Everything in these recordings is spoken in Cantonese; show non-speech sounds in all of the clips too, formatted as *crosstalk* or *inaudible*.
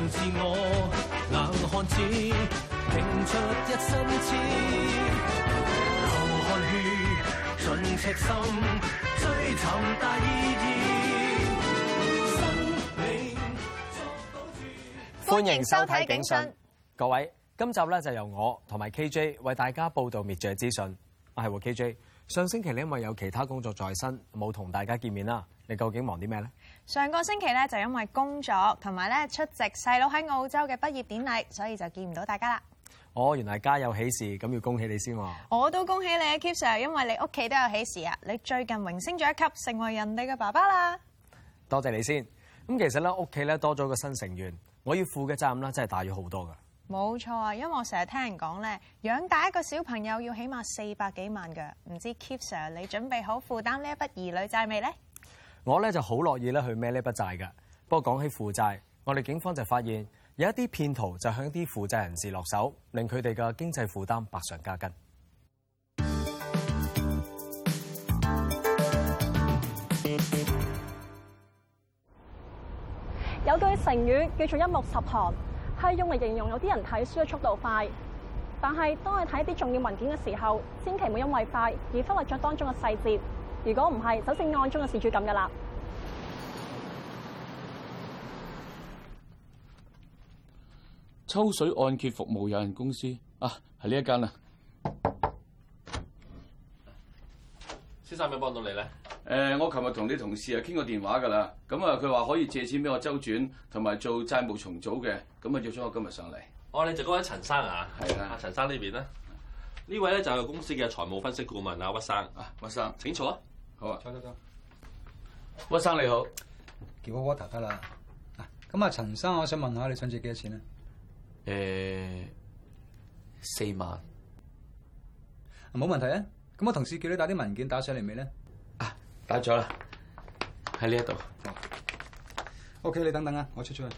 歡迎收睇《警訊》，各位，今集咧就由我同埋 KJ 為大家報道滅罪資訊。係、啊啊、KJ，上星期你因為有其他工作在身，冇同大家見面啦。你究竟忙啲咩咧？上個星期咧，就因為工作同埋咧出席細佬喺澳洲嘅畢業典禮，所以就見唔到大家啦。哦，原來家有喜事，咁要恭喜你先喎。我都恭喜你啊，Kip Sir，因為你屋企都有喜事啊。你最近榮升咗一級，成為人哋嘅爸爸啦。多謝你先。咁，其實咧屋企咧多咗個新成員，我要負嘅責任咧真係大咗好多噶。冇錯啊，因為我成日聽人講咧，養大一個小朋友要起碼四百幾萬噶。唔知 Kip Sir，你準備好負擔呢一筆兒女債未咧？我咧就好樂意咧去孭呢筆債㗎，不過講起負債，我哋警方就發現有一啲騙徒就向啲負債人士落手，令佢哋嘅經濟負擔百上加斤。有句成語叫做一目十行，係用嚟形容有啲人睇書嘅速度快，但係當你睇一啲重要文件嘅時候，千祈唔好因為快而忽略咗當中嘅細節。如果唔係，首先案中嘅事主咁嘅啦。抽水按揭服務有限公司啊，係呢一間啊。先生有冇幫到你咧？誒、呃，我琴日同啲同事啊傾過電話噶啦。咁啊，佢話可以借錢俾我周轉，同埋做債務重組嘅。咁啊，約咗我今日上嚟。哦，你就嗰位陳生啊？係啦，陳生呢邊咧？呢位咧就係、是、公司嘅財務分析顧問啊，屈生啊，屈生，生請坐啊。好啊，坐坐坐。屈生你好，叫杯 water 得啦。咁啊，陳生，我想問下，你想借幾多錢啊？誒、呃，四萬。冇、啊、問題啊。咁我同事叫你打啲文件打上嚟未咧？啊，打咗啦。喺呢一度。哦、啊。OK，你等等啊，我出出去。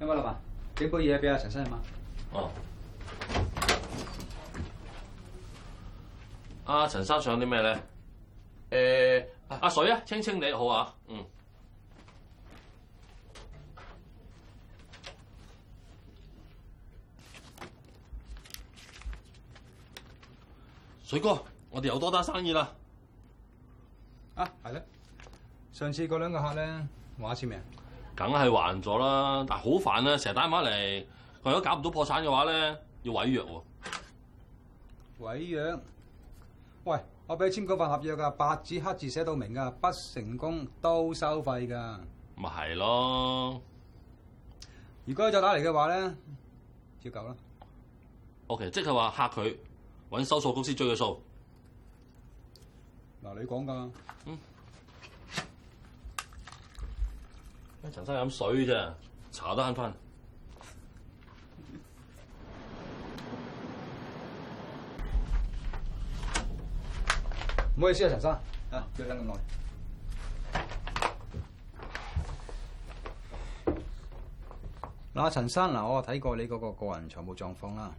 咁冇、嗯、老闆，幾杯嘢俾阿陳生係嘛？哦。阿、啊、陳生想啲咩咧？誒、欸，阿、啊啊、水啊，清清你，好啊。嗯，水哥，我哋有多單生意啦。啊，係咧，上次嗰兩個客咧，還唔還錢未啊？梗係還咗啦，但係好煩啊，成日打電話嚟。佢如果搞唔到破產嘅話咧，要毀約喎。毀約。喂，我俾你簽過份合約噶，白紙黑字寫到明噶，不成功都收費噶。咪係咯，如果再打嚟嘅話咧，照舊啦。O.K. 即係話吓佢，搵收數公司追嘅數。嗱，你講噶。嗯。一陣間飲水啫，茶都慳翻。唔好意思啊，陳生啊，你等咁耐。嗱，陳生嗱，我睇過你嗰個個人財務狀況啦，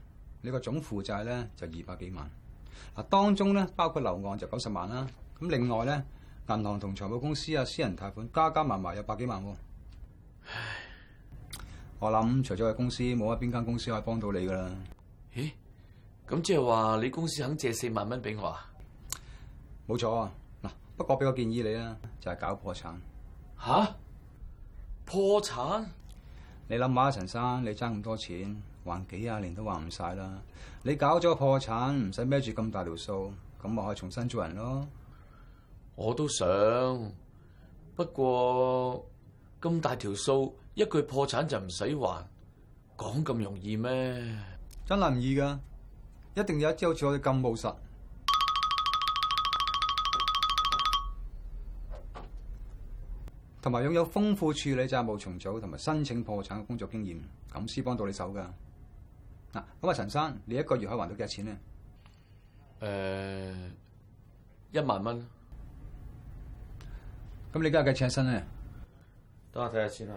你個總負債咧就二百幾萬。嗱，當中咧包括樓按就九十萬啦，咁另外咧銀行同財務公司啊、私人貸款加加埋埋有百幾萬。唉，我諗除咗我公司冇乜，邊間公司可以幫到你噶啦？咦，咁即係話你公司肯借四萬蚊俾我啊？冇錯啊！嗱，不過俾個建議你啦，就係、是、搞破產。吓、啊？破產？你諗下啊，陳生，你爭咁多錢，還幾廿年都還唔晒啦。你搞咗個破產，唔使孭住咁大條數，咁咪可以重新做人咯。我都想，不過咁大條數，一句破產就唔使還，講咁容易咩？真係唔易噶，一定有一朝好似我哋咁務實，同埋擁有豐富處理債務重組同埋申請破產嘅工作經驗，咁先幫到你手噶。嗱，咁啊，陳生，你一個月可以還到幾多錢咧？誒、呃，一萬蚊。咁你今日嘅月薪咧？等我睇下先啊。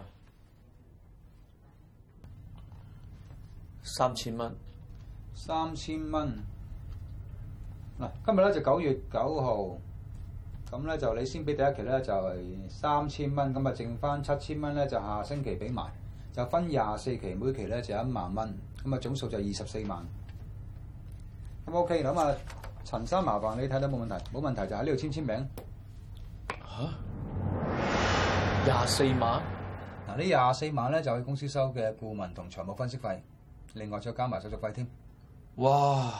三千蚊。三千蚊。嗱，今日咧就九月九號。咁咧就你先俾第一期咧就係三千蚊，咁啊剩翻七千蚊咧就下星期俾埋，就分廿四期，每期咧就一萬蚊，咁啊總數就二十四萬。咁 OK 啦，咁啊陳生麻煩你睇睇，冇問題，冇問題就喺呢度簽簽名。嚇、啊！廿四萬？嗱呢廿四萬咧就係公司收嘅顧問同財務分析費，另外再加埋手續費添。哇！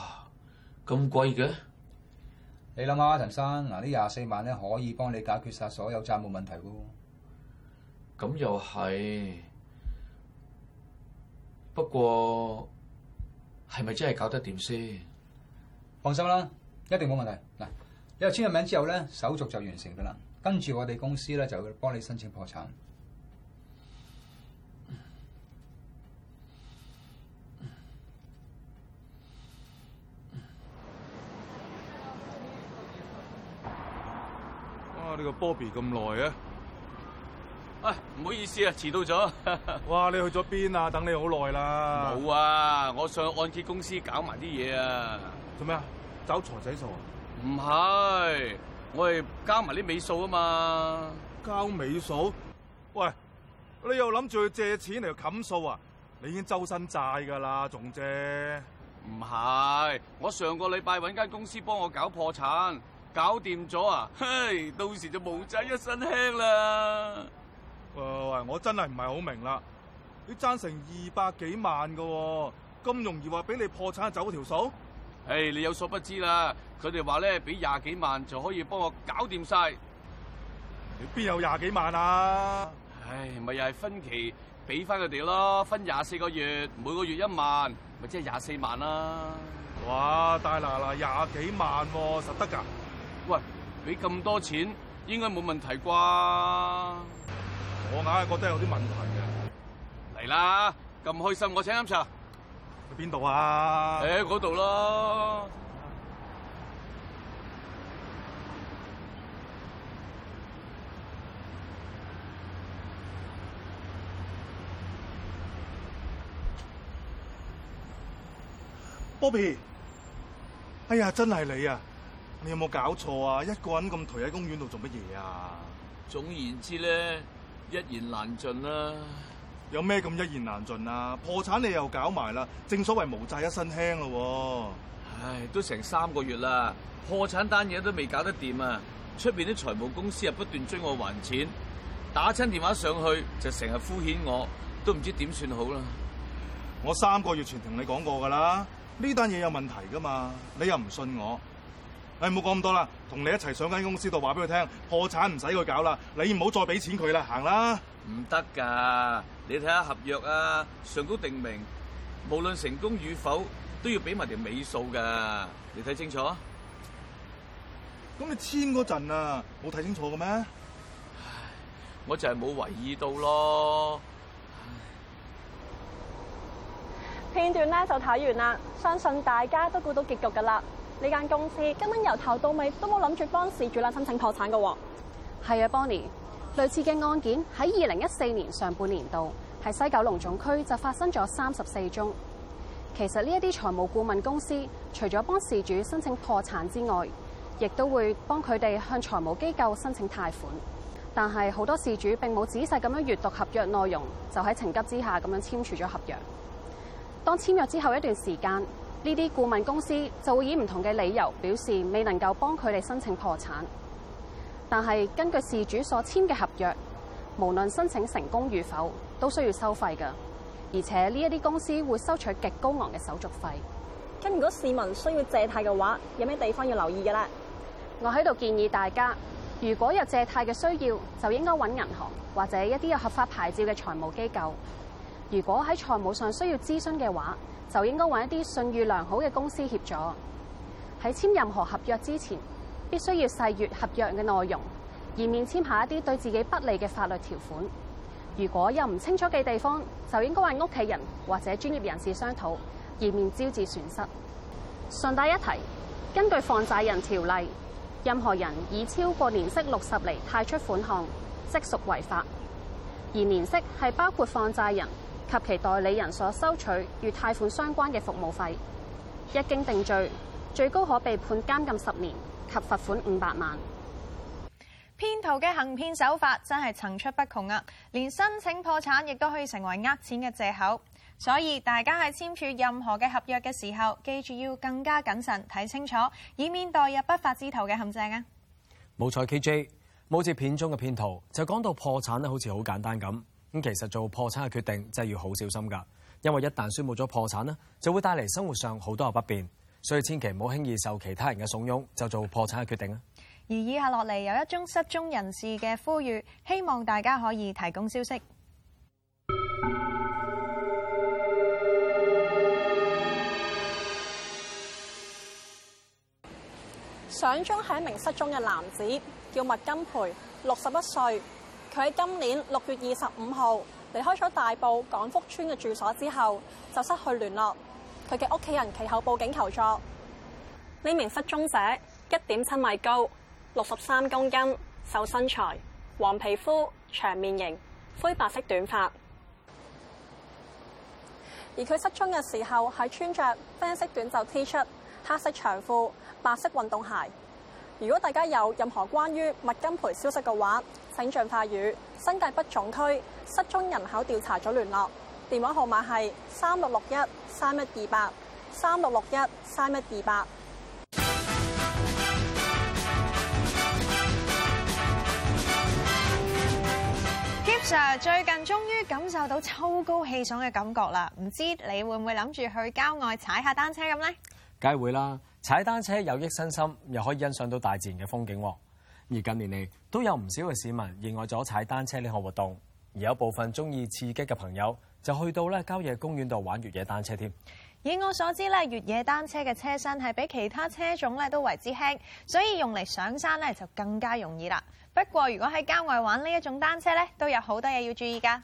咁貴嘅？你諗下，陳生，嗱呢廿四萬可以幫你解決曬所有債務問題喎。噉又係，不過係咪是是真係搞得掂先？放心啦，一定冇問題。嗱，你簽個名之後呢，手續就完成㗎啦。跟住我哋公司呢，就幫你申請破產。呢個 Bobby 咁耐啊！唉、哎，唔好意思啊，遲到咗。 *laughs* 哇，你去咗邊啊？等你好耐啦。冇啊，我上按揭公司搞埋啲嘢啊。做咩啊？找財仔數啊？唔係，我係交埋啲尾數啊嘛。交尾數？喂，你又諗住去借錢嚟冚數啊？你已經周身債噶啦，仲借？唔係，我上個禮拜搵間公司幫我搞破產。搞掂咗啊！嘿，到時就無債一身輕啦。喂喂，我真係唔係好明啦，你爭成二百幾萬噶，咁容易話俾你破產走條數？誒，你有所不知啦，佢哋話咧，俾廿幾萬就可以幫我搞掂晒。你邊有廿幾萬啊？唉、哎，咪又係分期俾翻佢哋咯，分廿四個月，每個月一萬，咪即係廿四萬啦。哇，大嗱嗱廿幾萬喎，啊，實得噶？喂，俾咁多錢應該冇問題啩？我硬係覺得有啲問題嘅。嚟啦，咁開心我請飲茶。去邊度啊？喺嗰度咯。波比，哎呀，真係你啊！你有冇搞錯啊？一個人咁頹喺公園度做乜嘢啊？總而言之咧，一言難盡啦，啊。有咩咁一言難盡啊？破產你又搞埋啦。正所謂無債一身輕咯，啊。唉，都成三個月啦，破產單嘢都未搞得掂啊！出邊啲財務公司又不斷追我還錢，打親電話上去就成日敷衍我，都唔知點算好啦。我三個月前同你講過噶啦，呢單嘢有問題噶嘛，你又唔信我。唉，冇講咁多啦，同你一齊上間公司度話俾佢聽，破產唔使佢搞啦，你唔好再俾錢佢啦，行啦！唔得噶你睇下合約啊，上高定明，無論成功與否，都要俾埋條尾數噶你睇清楚啊。咁你簽嗰陣啊，冇睇清楚嘅咩？唉，我就係冇為意到咯。片段咧就睇完啦，相信大家都估到結局噶啦。呢間公司根本由頭到尾都冇諗住幫事主啦申請破產噶喎，係啊 Bonnie 類似嘅案件喺二零一四年上半年度喺西九龍總區就發生咗三十四宗。其實呢一啲財務顧問公司除咗幫事主申請破產之外，亦都會幫佢哋向財務機構申請貸款。但係好多事主並冇仔細咁樣閱讀合約內容，就喺情急之下咁樣簽署咗合約。當簽約之後一段時間。呢啲顧問公司就會以唔同嘅理由表示未能夠幫佢哋申請破產，但係根據事主所簽嘅合約，無論申請成功與否，都需要收費㗎，而且呢一啲公司會收取極高昂嘅手續費。咁如果市民需要借貸嘅話，有咩地方要留意㗎喇？我喺度建議大家，如果有借貸嘅需要，就應該揾銀行或者一啲有合法牌照嘅財務機構。如果喺財務上需要諮詢嘅話，就應該揾一啲信譽良好嘅公司協助。喺簽任何合約之前，必須要細閱合約嘅內容，以免簽下一啲對自己不利嘅法律條款。如果有唔清楚嘅地方，就應該搵屋企人或者專業人士商討，以免招致損失。順帶一提，根據放債人條例，任何人以超過年息六十厘貸出款項，即屬違法。而年息係包括放債人。及其代理人所收取與貸款相關嘅服務費一經定罪，最高可被判監禁十年及罰款五百萬。騙徒嘅行騙手法真係層出不窮啊！連申請破產亦都可以成為呃錢嘅借口，所以大家喺簽署任何嘅合約嘅時候，記住要更加謹慎睇清楚，以免墜入不法之徒嘅陷阱啊！冇錯，KJ，冇似片中嘅騙徒，就講到破產咧，好似好簡單咁。咁其實做破產嘅決定真係要好小心噶，因為一旦宣布咗破產呢，就會帶嚟生活上好多嘅不便，所以千祈唔好輕易受其他人嘅慫恿就做破產嘅決定啦。而以下落嚟有一宗失蹤人士嘅呼籲，希望大家可以提供消息。相中係一名失蹤嘅男子，叫麥金培，六十一歲。佢喺今年六月二十五號離開咗大埔港福村嘅住所之後，就失去聯絡。佢嘅屋企人其後報警求助。呢名失蹤者一點七米高，六十三公斤，瘦身材，黃皮膚，長面型，灰白色短髮。而佢失蹤嘅時候係穿着啡色短袖 T 恤、黑色長褲、白色運動鞋。如果大家有任何關於麥金培消息嘅話，請盡快與新界北總區失蹤人口調查組聯絡，電話號碼係三六六一三一二八三六六一三一二八。Gip Sir 最近終於感受到秋高氣爽嘅感覺啦，唔知你會唔會諗住去郊外踩下單車咁呢？梗會啦！踩單車有益身心，又可以欣賞到大自然嘅風景。而近年嚟,都有唔少嘅市民熱愛咗踩單車呢項活動，而有部分中意刺激嘅朋友就去到咧郊野公園度玩越野單車添。以我所知咧，越野單車嘅車身係比其他車種咧都為之輕，所以用嚟上山咧就更加容易啦。不過如果喺郊外玩呢一種單車咧，都有好多嘢要注意噶。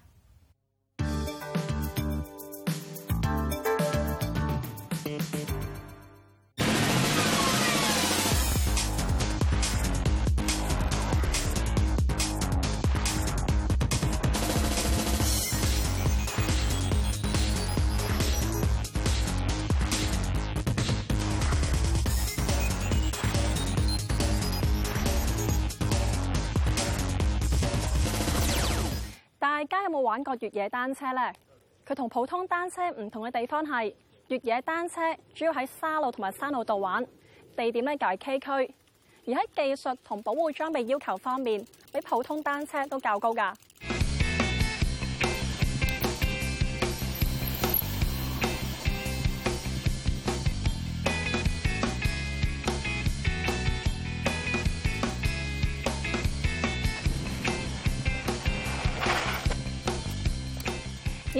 而家有冇玩過越野單車呢？佢同普通單車唔同嘅地方係，越野單車主要喺沙路同埋山路度玩，地點咧就係崎嶇，而喺技術同保護裝備要求方面，比普通單車都較高㗎。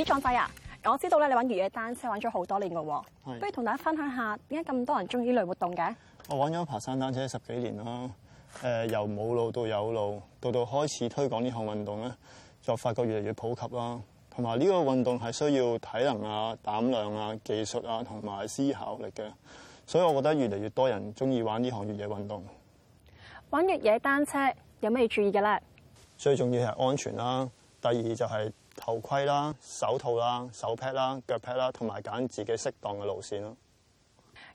壯輝啊！我知道咧，你玩越野單車玩咗好多年噶喎，是不如同大家分享一下點解咁多人中意呢類活動嘅。我玩咗爬山單車十幾年啦，誒，由冇路到有路，到到開始推廣呢項運動咧，就發覺越嚟越普及啦。同埋呢個運動係需要體能啊、膽量啊、技術啊同埋思考力嘅，所以我覺得越嚟越多人中意玩呢項越野運動。玩越野單車有咩要注意嘅咧？最重要係安全啦，第二就係、是。頭盔啦、手套啦、手 pad 啦、腳 pad 啦，同埋揀自己適當嘅路線咯。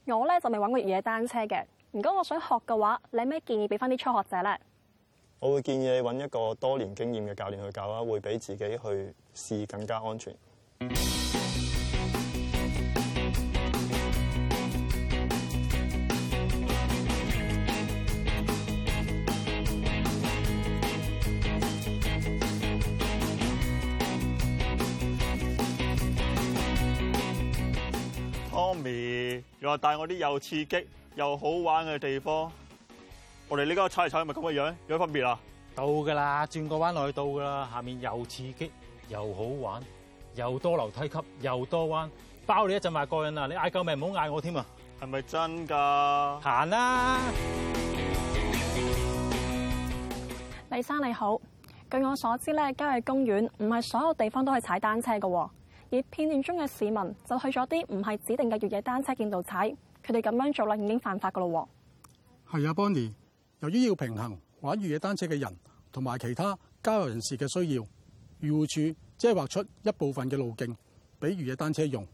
我咧就未揾過越野單車嘅。如果我想學嘅話，你咩建議俾翻啲初學者咧？我會建議你揾一個多年經驗嘅教練去教啦，會比自己去試更加安全。又話帶我啲又刺激又好玩嘅地方，我哋而家踩一踩係咪咁嘅樣？有咩分別啊？到噶啦，轉個彎落去到噶啦，下面又刺激又好玩，又多樓梯級，又多彎，包你一陣話過癮啊！你嗌救命唔好嗌我添啊！係咪真噶？行啦吧，李生你好，據我所知咧，郊野公園唔係所有地方都係踩單車喎。而片段中嘅市民就去咗啲唔係指定嘅越野單車徑度踩，佢哋咁樣做啦已經犯法噶咯。係啊，Bonnie，由於要平衡玩越野單車嘅人同埋其他郊遊人士嘅需要，漁護署即係劃出一部分嘅路徑俾越野單車用。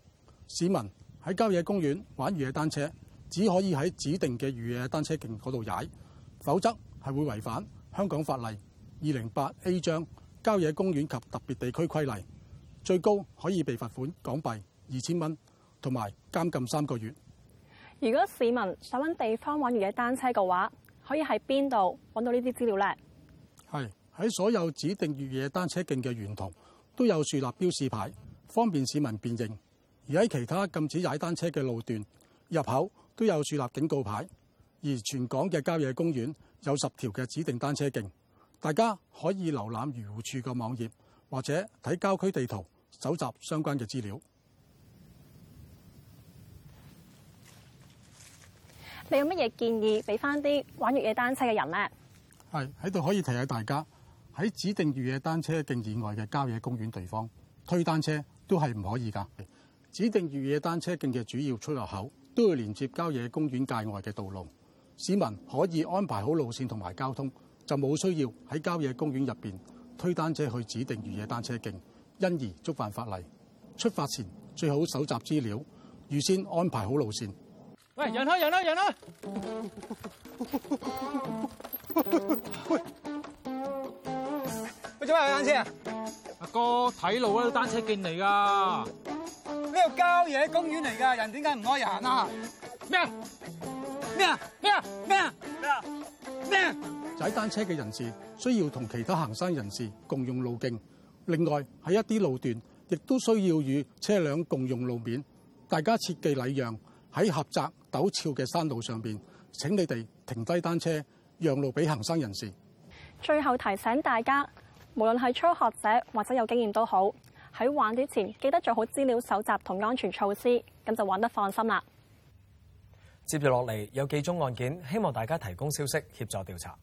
市民喺郊野公園玩越野單車只可以喺指定嘅越野單車徑嗰度踩，否則係會違反香港法例二零八 A 章郊野公園及特別地區規例。最高可以被罰款港幣二千蚊，同埋監禁三個月。如果市民想揾地方玩越野單車嘅話，可以喺邊度揾到呢啲資料咧？係，喺所有指定越野單車徑嘅沿途都有樹立標示牌，方便市民辨認，而喺其他禁止踩單車嘅路段入口都有樹立警告牌。而全港嘅郊野公園有十條嘅指定單車徑，大家可以瀏覽漁護署嘅網頁或者睇郊區地圖。搜集相關嘅資料，你有乜嘢建議俾翻啲玩越野單車嘅人呢？係，喺度可以提下大家，喺指定越野單車徑以外嘅郊野公園地方推單車都係唔可以㗎。指定越野單車徑嘅主要出入口都要連接郊野公園界外嘅道路，市民可以安排好路線同埋交通，就冇需要喺郊野公園入邊推單車去指定越野單車徑。因而觸犯法例。出發前最好搜集資料，預先安排好路線。喂，讓開讓開讓開！喂，做咩有，有單車啊！阿哥睇路啦，單車徑嚟噶。呢度郊野公園嚟噶，人點解唔可以行啊？咩啊？咩啊？咩啊？咩啊？咩啊？踩單車嘅人士需要同其他行山人士共用路徑。另外喺一啲路段亦都需要與車輛共用路面，大家切記禮讓，喺狹窄陡峭嘅山路上邊，請你哋停低單車，讓路俾行山人士。最後提醒大家，無論係初學者或者有經驗都好，喺玩之前記得做好資料搜集同安全措施，咁就玩得放心啦。接住落嚟有幾宗案件，希望大家提供消息協助調查。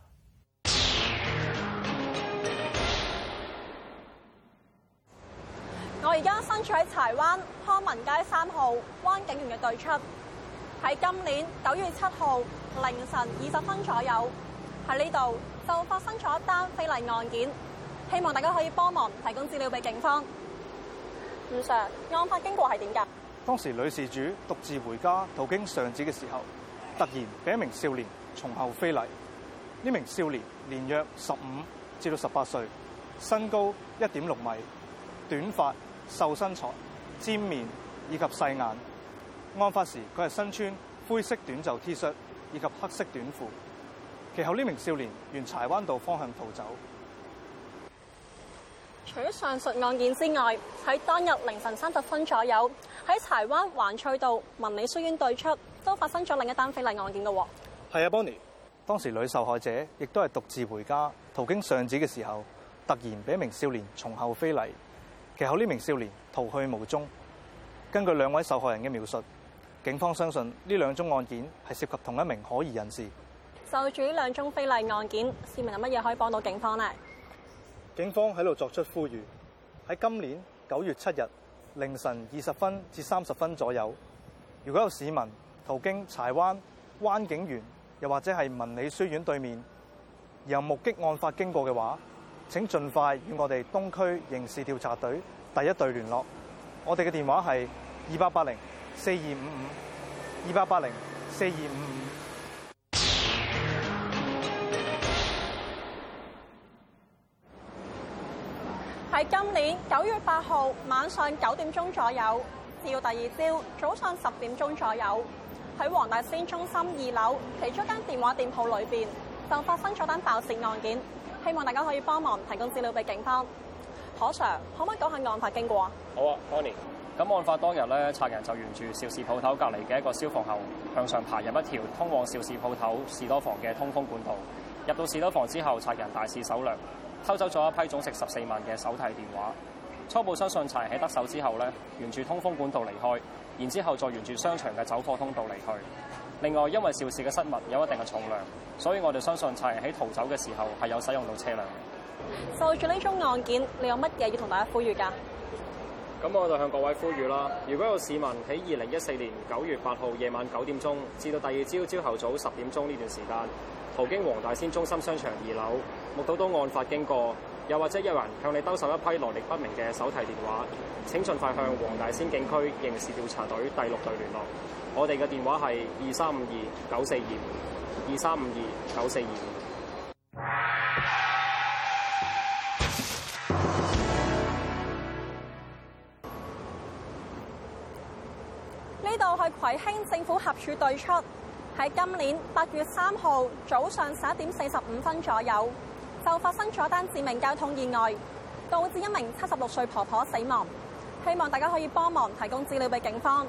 而家身處喺柴灣康民街三號灣景園嘅對出，喺今年九月七號凌晨二十分左右喺呢度就發生咗一單非禮案件，希望大家可以幫忙提供資料俾警方。吳 sir，案發經過係點㗎？當時女事主獨自回家途經上址嘅時候，突然俾一名少年從後非禮。呢名少年年約十五至到十八歲，身高一點六米，短髮。瘦身材、尖面以及細眼。案發時，佢係身穿灰色短袖 T 恤以及黑色短褲。其後呢名少年沿柴灣道方向逃走。除咗上述案件之外，喺當日凌晨三十分左右，喺柴灣環翠道文理書院對出都發生咗另一單非禮案件㗎。係啊，Bonnie，當時女受害者亦都係獨自回家，途經上址嘅時候，突然俾一名少年從後非禮。其後呢名少年逃去無蹤。根據兩位受害人嘅描述，警方相信呢兩宗案件係涉及同一名可疑人士。就住呢兩宗非禮案件，市民有乜嘢可以幫到警方呢？警方喺度作出呼籲：喺今年九月七日凌晨二十分至三十分左右，如果有市民途經柴灣灣景園，又或者係文理書院對面，由目擊案發經過嘅話，請盡快與我哋東區刑事調查隊第一隊聯絡。我哋嘅電話係二八八零四二五五，二八八零四二五五。喺今年九月八號晚上九點鐘左右，至到第二朝早上十點鐘左右，喺黃大仙中心二樓其中一間電話店鋪裏邊，就發生咗單爆竊案件。希望大家可以幫忙提供資料俾警方。可 Sir，可唔可以講下案發經過啊？好啊，Tony。咁案發當日咧，賊人就沿住肇事鋪頭隔離嘅一個消防喉向上爬入一條通往肇事鋪頭士多房嘅通風管道。入到士多房之後，賊人大肆搜掠，偷走咗一批總值十四萬嘅手提電話。初步相信，賊人喺得手之後咧，沿住通風管道離開，然之後再沿住商場嘅走貨通道離去。另外，因為肇事嘅失物有一定嘅重量，所以我哋相信，賊人喺逃走嘅時候係有使用到車輛。受住呢宗案件，你有乜嘢要同大家呼籲㗎？咁我就向各位呼籲啦！如果有市民喺二零一四年九月八號夜晚九點鐘至到第二朝朝頭早十點鐘呢段時間，途經黃大仙中心商場二樓，目睹到案發經過，又或者有人向你兜售一批來歷不明嘅手提電話，請盡快向黃大仙警區刑事調查隊第六隊聯絡。我哋嘅電話係二三五二九四二二三五二九四二。呢度係葵興政府合署對出，喺今年八月三號早上十一點四十五分左右。就發生咗單致命交通意外，導致一名七十六歲婆婆死亡。希望大家可以幫忙提供資料俾警方。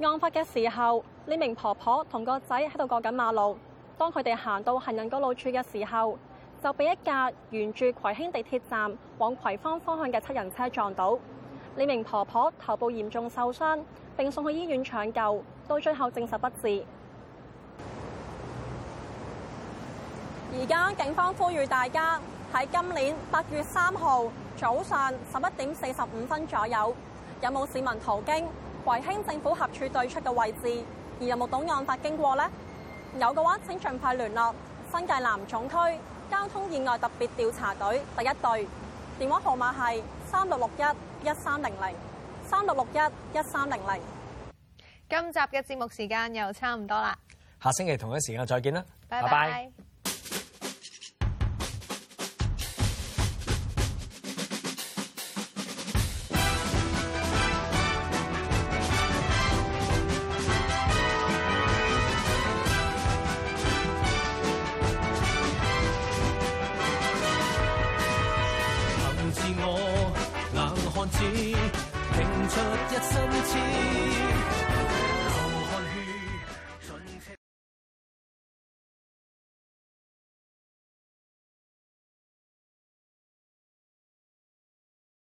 案發嘅時候，呢名婆婆同個仔喺度過緊馬路。當佢哋行到行人過路處嘅時候，就被一架沿住葵興地鐵站往葵芳方向嘅七人車撞到。呢名婆婆頭部嚴重受傷，並送去醫院搶救，到最後證實不治。而家警方呼籲大家，喺今年八月三號早上十一點四十五分左右，有冇市民途經葵興政府合署對出嘅位置？而有冇懂案發經過呢？有嘅話，請盡快聯絡新界南總區交通意外特別調查隊第一隊，電話號碼係三六六一一三零零三六六一一三零零。00，今集嘅節目時間又差唔多啦，下星期同一時間再見啦，拜拜。拜拜。